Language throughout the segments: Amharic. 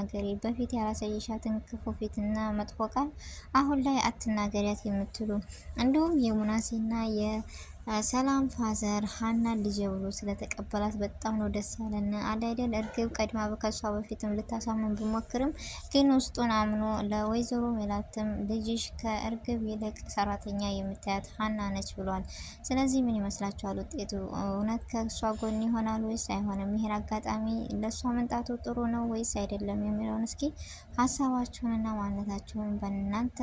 አትናገሪ፣ በፊት ያላሳየሻትን ክፉ ፊትና መጥፎ ቃል አሁን ላይ አትናገሪያት የምትሉ እንዲሁም የሙናሴና ሰላም ፋዘር ሀና ልጄ ብሎ ስለተቀበላት በጣም ነው ደስ ያለን። አዳይደል እርግብ ቀድማ በከሷ በፊትም ልታሳምን ብሞክርም ግን ውስጡን አምኖ ለወይዘሮ ሜላትም ልጅሽ ከእርግብ ይልቅ ሰራተኛ የምታያት ሀና ነች ብሏል። ስለዚህ ምን ይመስላችኋል ውጤቱ? እውነት ከእሷ ጎን ይሆናል ወይስ አይሆንም? ይህን አጋጣሚ ለእሷ መምጣቱ ጥሩ ነው ወይስ አይደለም የሚለውን እስኪ ሀሳባችሁንና ማንነታችሁን በእናንተ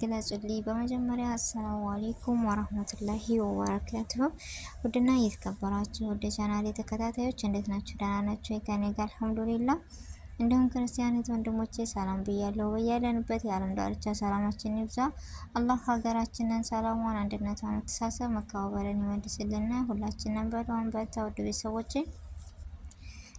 ግለጹልኝ። በመጀመሪያ አሰላሙ አሌይኩም ወረህመቱላሂ ወበረካቱሁ። ውድና እየተከበራችሁ ወደ ቻናሌ ተከታታዮች እንዴት ናችሁ? ደህና ናችሁ? ከኔ ጋር አልሐምዱሊላ። እንዲሁም ክርስቲያኖች ወንድሞቼ ሰላም ብያለሁ። በያለንበት የዓለም ዳርቻ ሰላማችን ይብዛ። አላህ ሀገራችንን ሰላሟን፣ አንድነቷን፣ መተሳሰብ፣ መከባበርን ይመልስልን። ሁላችንን በደዋን በርታ ውድ ቤተሰቦቼ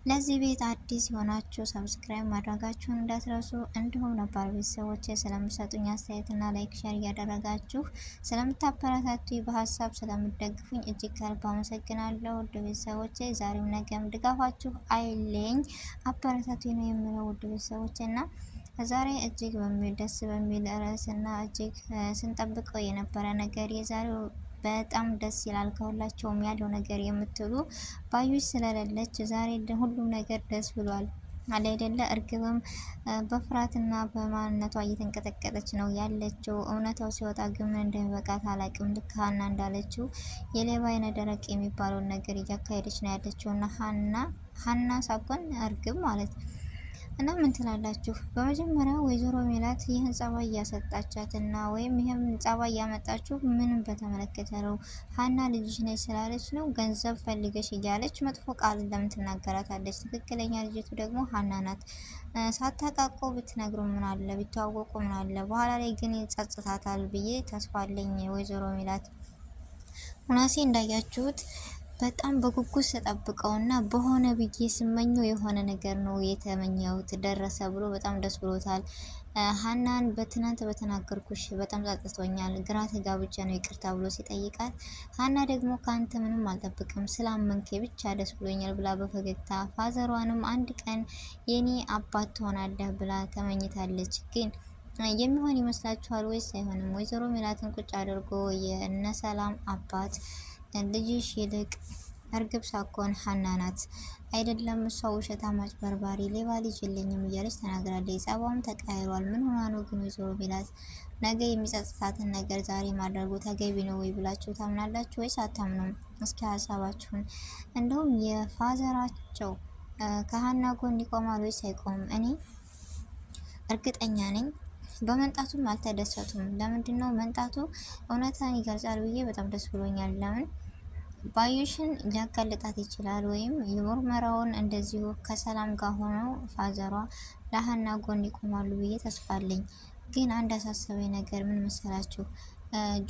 ለዚህ ቤት አዲስ የሆናችሁ ሰብስክራይብ ማድረጋችሁን እንዳትረሱ፣ እንዲሁም ነባር ቤተሰቦች ስለምሰጡኝ አስተያየትና ላይክ ሸር እያደረጋችሁ ስለምታበረታቱ በሀሳብ ስለምደግፉኝ እጅግ ከልብ አመሰግናለሁ። ውድ ቤተሰቦቼ ዛሬም ነገም ድጋፋችሁ አይለኝ፣ አበረታቱ ነው የምለው ውድ ቤተሰቦቼ እና ዛሬ እጅግ በሚል ደስ በሚል ርዕስና እጅግ ስንጠብቀው የነበረ ነገር የዛሬው በጣም ደስ ይላል። ከሁላቸውም ያለው ነገር የምትሉ ባዩሽ ስለሌለች ዛሬ ሁሉም ነገር ደስ ብሏል። አለ አይደለ? እርግብም በፍርሃትና በማንነቷ እየተንቀጠቀጠች ነው ያለችው። እውነታው ሲወጣ ግን ምን እንደሚበቃት አላቅም። ልክ ሀና እንዳለችው የሌባ አይነ ደረቅ የሚባለውን ነገር እያካሄደች ነው ያለችው እና ሀና ሀና ሳኮን እርግብ ማለት ነው እና ምን ትላላችሁ? በመጀመሪያ ወይዘሮ ሜላት ይህን ጸባይ እያሰጣቻት እና ወይም ይህም ጸባይ እያመጣችሁ ምንም በተመለከተ ነው ሀና ልጅሽ ነች ስላለች ነው ገንዘብ ፈልገሽ እያለች መጥፎ ቃል ለምን ትናገራታለች? ትክክለኛ ልጅቱ ደግሞ ሀና ናት። ሳታቃቆ ብትነግሩ ምን አለ ቢተዋወቁ ምን አለ? በኋላ ላይ ግን ይጸጽታታል ብዬ ተስፋ አለኝ። ወይዘሮ ሜላት ሁናሴ እንዳያችሁት በጣም በጉጉት ስጠብቀውና በሆነ ብዬ ስመኘው የሆነ ነገር ነው የተመኘሁት ደረሰ ብሎ በጣም ደስ ብሎታል። ሀናን በትናንት በተናገርኩሽ በጣም ጸጥቶኛል፣ ግራ ተጋብቼ ነው ይቅርታ ብሎ ሲጠይቃት፣ ሀና ደግሞ ከአንተ ምንም አልጠብቅም ስላመንኬ ብቻ ደስ ብሎኛል ብላ በፈገግታ ፋዘሯንም አንድ ቀን የኔ አባት ትሆናለህ ብላ ተመኝታለች ግን የሚሆን ይመስላችኋል ወይስ አይሆንም? ወይዘሮ ሜላትን ቁጭ አድርጎ የእነ ሰላም አባት ልጅሽ ይልቅ እርግብ ሳኮን ሀና ናት አይደለም። እሷ ውሸታ አጭበርባሪ፣ ሌባ ልጅ የለኝም እያለች ተናግራለች። ጸባውም ተቀያይሯል። ምን ሆና ነው ግን ወይዘሮ ሜላት? ነገ የሚጸጽታትን ነገር ዛሬ ማድረጉ ተገቢ ነው ወይ ብላችሁ ታምናላችሁ ወይስ አታምኑም? እስኪ ሀሳባችሁን። እንደውም የፋዘራቸው ከሀና ጎን ይቆማል ወይስ አይቆምም? እኔ እርግጠኛ ነኝ በመንጣቱም አልተደሰቱም። ለምንድን ነው መንጣቱ እውነታን ይገልጻል ብዬ በጣም ደስ ብሎኛል። ለምን ባዩሽን ሊያጋልጣት ይችላል ወይም የምርመራውን እንደዚሁ ከሰላም ጋር ሆነው ፋዘሯ ለሀና ጎን ይቆማሉ ብዬ ተስፋ አለኝ። ግን አንድ አሳሰበኝ ነገር ምን መሰላችሁ?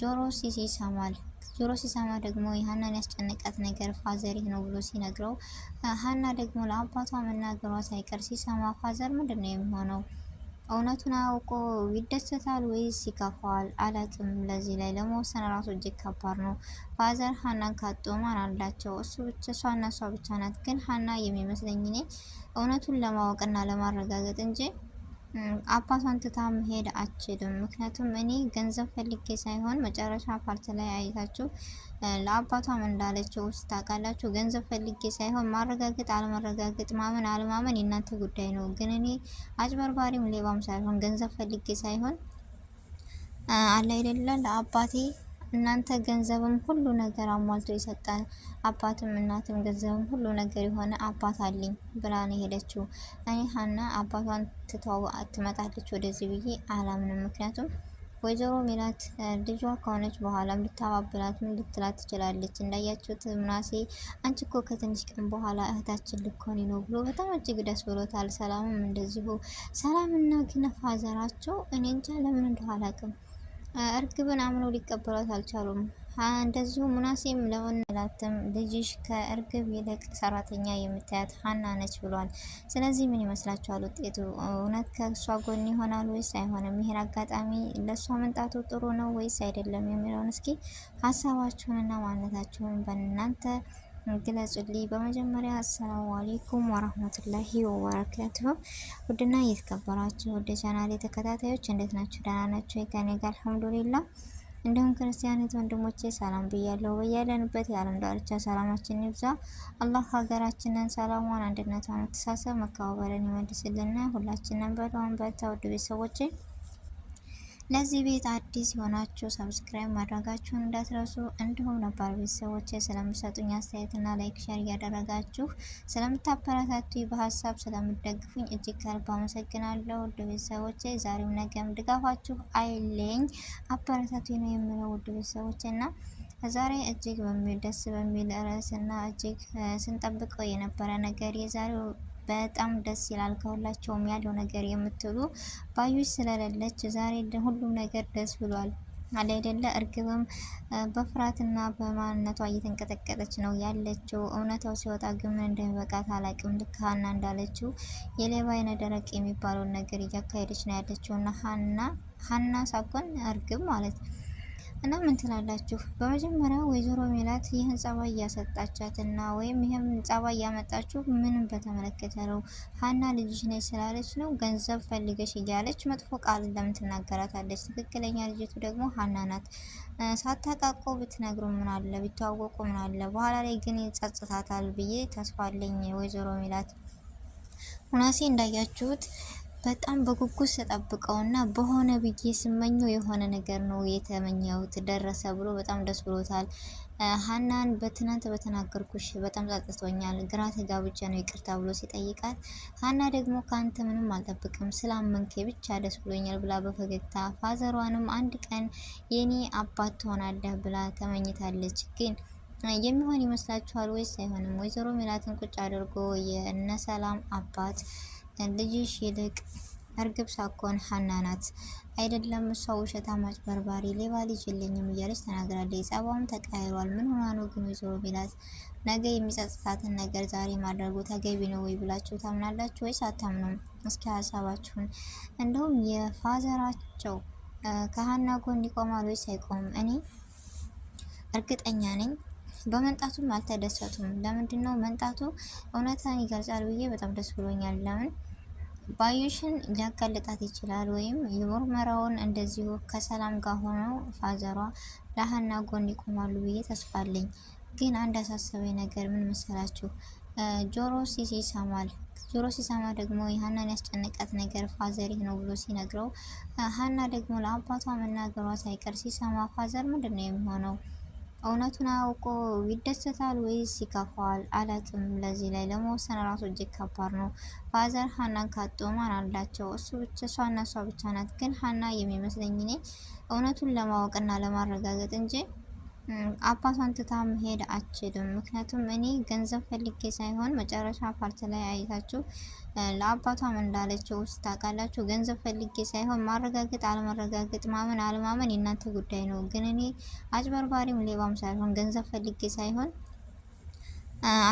ጆሮ ሲሲ ይሰማል። ጆሮ ሲሰማ ደግሞ የሀናን ያስጨነቃት ነገር ፋዘር ይህ ነው ብሎ ሲነግረው ሀና ደግሞ ለአባቷ መናገሯ ሳይቀር ሲሰማ ፋዘር ምንድን ነው የሚሆነው? እውነቱን አውቆ ይደሰታል ወይስ ይከፋዋል? አላቅም። ለዚህ ላይ ለመወሰን ራሱ እጅግ ከባድ ነው። ፋዘር ሀናን ካጡ ማን አላቸው? እሱ ብቻ እሷና እሷ ብቻ ናት። ግን ሀና የሚመስለኝ እኔ እውነቱን ለማወቅና ለማረጋገጥ እንጂ አባቷን ትታ መሄድ አችልም። ምክንያቱም እኔ ገንዘብ ፈልጌ ሳይሆን መጨረሻ ፓርት ላይ አይታችሁ ለአባቷም እንዳለችው ውስጥ ታውቃላችሁ። ገንዘብ ፈልጌ ሳይሆን ማረጋገጥ አለመረጋገጥ፣ ማመን አለማመን የእናንተ ጉዳይ ነው። ግን እኔ አጭበርባሪም ሌባም ሳይሆን ገንዘብ ፈልጌ ሳይሆን አለ አይደለ ለአባቴ እናንተ ገንዘብም ሁሉ ነገር አሟልቶ የሰጠ አባትም እናትም ገንዘብም ሁሉ ነገር የሆነ አባት አለኝ ብላ ነው የሄደችው። እኔ ሀና አባቷን ትተው ትመጣለች ወደዚህ ብዬ አላምንም። ምክንያቱም ወይዘሮ ሜላት ልጇ ከሆነች በኋላም ልታባብላትም ልትላት ትችላለች። እንዳያችሁት ምናሴ አንቺ እኮ ከትንሽ ቀን በኋላ እህታችን ልኮኒ ነው ብሎ በጣም እጅግ ደስ ብሎታል። ሰላምም እንደዚሁ። ሰላምና ግነፋ ዘራቸው እኔ እንጃ ለምን እንደኋላ አላውቅም እርግብን አምነው ሊቀበሏት አልቻሉም። እንደዚሁ ሙናሴም ለሆን ልጅሽ ከእርግብ ይልቅ ሰራተኛ የምታያት ሀና ነች ብሏል። ስለዚህ ምን ይመስላችኋል ውጤቱ? እውነት ከእሷ ጎን ይሆናል ወይስ አይሆንም? ይህን አጋጣሚ ለእሷ መምጣቱ ጥሩ ነው ወይስ አይደለም የሚለውን እስኪ ሀሳባችሁንና ማንነታችሁን በእናንተ ግለጹልኝ። በመጀመሪያ አሰላሙ አሌይኩም ወረህመቱላሂ ወበረካቱሁ። ውድና እየተከበራችሁ ወደ ቻናሌ ተከታታዮች እንዴት ናችሁ? ደህና ናችሁ? ከኔ ጋር አልሐምዱሊላ። እንዲሁም ክርስቲያኒት ወንድሞቼ ሰላም ብያለሁ። በያለንበት የዓለም ዳርቻ ሰላማችን ይብዛ። አላህ ሀገራችንን ሰላሟን፣ አንድነቷን፣ መተሳሰብ፣ መከባበርን ይመልስልና ሁላችንን በለዋን በርታ ውድ ቤተሰቦቼ ለዚህ ቤት አዲስ የሆናችሁ ሰብስክራይብ ማድረጋችሁን እንዳትረሱ። እንዲሁም ነባር ቤተሰቦች ስለምሰጡኝ አስተያየትና ላይክ፣ ሸር እያደረጋችሁ ስለምታበረታቱ በሀሳብ ስለምደግፉኝ እጅግ ከልብ አመሰግናለሁ። ውድ ቤተሰቦች ዛሬም ነገም ድጋፋችሁ አይለኝ፣ አበረታቱ ነው የምለው ውድ ቤተሰቦች እና ዛሬ እጅግ ደስ በሚል ርዕስና እጅግ ስንጠብቀው የነበረ ነገር የዛሬው በጣም ደስ ይላል። ከሁላቸውም ያለው ነገር የምትሉ ባዩሽ ስለሌለች ዛሬ ሁሉም ነገር ደስ ብሏል። አለ አይደለ እርግብም በፍርሃትና በማንነቷ እየተንቀጠቀጠች ነው ያለችው። እውነታው ሲወጣ ግን ምን እንደሚበቃት አላቅም። ልክ ሀና እንዳለችው የሌባ አይነ ደረቅ የሚባለውን ነገር እያካሄደች ነው ያለችው እና ሀና ሀና ሳኮን እርግብ ማለት ነው እና ምን ትላላችሁ? በመጀመሪያ ወይዘሮ ሜላት ይህን ጸባይ እያሰጣቻትና ወይም ይህም ጸባይ እያመጣችሁ ምንም በተመለከተ ነው። ሀና ልጅሽ ነች ስላለች ነው ገንዘብ ፈልገሽ እያለች መጥፎ ቃል ለምን ትናገራታለች? ትክክለኛ ልጅቱ ደግሞ ሀና ናት። ሳታቃቆ ብትነግሩ ምን አለ፣ ቢተዋወቁ ምን አለ። በኋላ ላይ ግን ይጸጽታታል ብዬ ተስፋ አለኝ። ወይዘሮ ሜላት ሁናሴ እንዳያችሁት በጣም በጉጉት ስጠብቀውና በሆነ ብዬ ስመኘው የሆነ ነገር ነው የተመኘሁት ደረሰ ብሎ በጣም ደስ ብሎታል። ሀናን በትናንት በተናገርኩሽ በጣም ጸጥቶኛል፣ ግራ ተጋብቼ ነው ይቅርታ ብሎ ሲጠይቃት ሀና ደግሞ ከአንተ ምንም አልጠብቅም ስላመንኬ ብቻ ደስ ብሎኛል ብላ በፈገግታ ፋዘሯንም አንድ ቀን የኔ አባት ትሆናለህ ብላ ተመኝታለች። ግን የሚሆን ይመስላችኋል ወይስ አይሆንም? ወይዘሮ ሜላትን ቁጭ አድርጎ የነሰላም አባት ልጅሽ ይልቅ እርግብ ሳኮን ሀና ናት አይደለም። እሷ ውሸታም፣ አጭበርባሪ፣ ሌባ ልጅ የለኝም እያለች ተናግራለች። ጸባውም ተቀያይሯል። ምን ሆና ነው ግን ወይዘሮ ሜላት? ነገ የሚጸጽታትን ነገር ዛሬ ማድረጉ ተገቢ ነው ወይ ብላችሁ ታምናላችሁ ወይስ አታምኑም? እስኪ ሀሳባችሁን። እንደውም የፋዘራቸው ከሀና ጎን ይቆማል ወይስ አይቆምም? እኔ እርግጠኛ ነኝ በመንጣቱም አልተደሰቱም። ለምንድን ነው መንጣቱ? እውነታን ይገልጻል ብዬ በጣም ደስ ብሎኛል። ለምን ባዩሽን ሊያጋልጣት ይችላል ወይም የምርመራውን እንደዚሁ ከሰላም ጋር ሆነው ፋዘሯ ለሀና ጎን ይቆማሉ ብዬ ተስፋ አለኝ። ግን አንድ አሳሰበኝ ነገር ምን መሰላችሁ? ጆሮ ሲስ ይሰማል። ጆሮ ሲሰማ ደግሞ የሀናን ያስጨነቃት ነገር ፋዘር ነው ብሎ ሲነግረው ሀና ደግሞ ለአባቷ መናገሯ ሳይቀር ሲሰማ ፋዘር ምንድን ነው የሚሆነው? እውነቱን አውቆ ይደሰታል ወይስ ይከፋዋል? አላቅም። ለዚህ ላይ ለመወሰን ራሱ እጅግ ከባድ ነው። ፋዘር ሀናን ካጡ ማን አላቸው? እሱ ብቻ እሷና እሷ ብቻ ናት። ግን ሀና የሚመስለኝ እኔ እውነቱን ለማወቅና ለማረጋገጥ እንጂ አባቷን ትታ መሄድ አችልም። ምክንያቱም እኔ ገንዘብ ፈልጌ ሳይሆን መጨረሻ ፓርት ላይ አይታችሁ ለአባቷም እንዳለችው ውስጥ ታውቃላችሁ። ገንዘብ ፈልጌ ሳይሆን ማረጋገጥ አለመረጋገጥ፣ ማመን አለማመን የእናንተ ጉዳይ ነው። ግን እኔ አጭበርባሪም ሌባም ሳይሆን ገንዘብ ፈልጌ ሳይሆን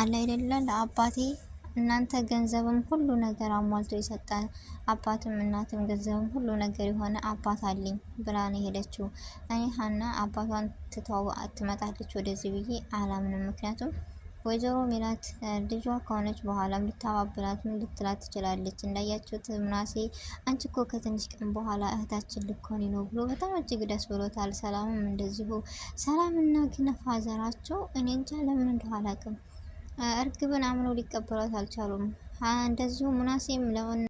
አለ አይደለ ለአባቴ እናንተ ገንዘብም ሁሉ ነገር አሟልቶ የሰጠ አባትም እናትም ገንዘብም ሁሉ ነገር የሆነ አባት አለኝ ብላ ነው የሄደችው። እኔ ሀና አባቷን ትተዋ ትመጣለች ወደዚህ ብዬ አላምንም። ምክንያቱም ወይዘሮ ሜላት ልጇ ከሆነች በኋላም ልታባብላትም ልትላት ትችላለች። እንዳያችሁት ምናሴ አንቺ እኮ ከትንሽ ቀን በኋላ እህታችን ልኮኒ ነው ብሎ በጣም እጅግ ደስ ብሎታል። ሰላምም እንደዚሁ ሰላምና ግነፋ ዘራቸው እኔ እንጃ ለምን እንደኋላ አላውቅም እርግብን አምኖ ሊቀበሏት አልቻሉም። እንደዚሁ ሙናሴም ለወን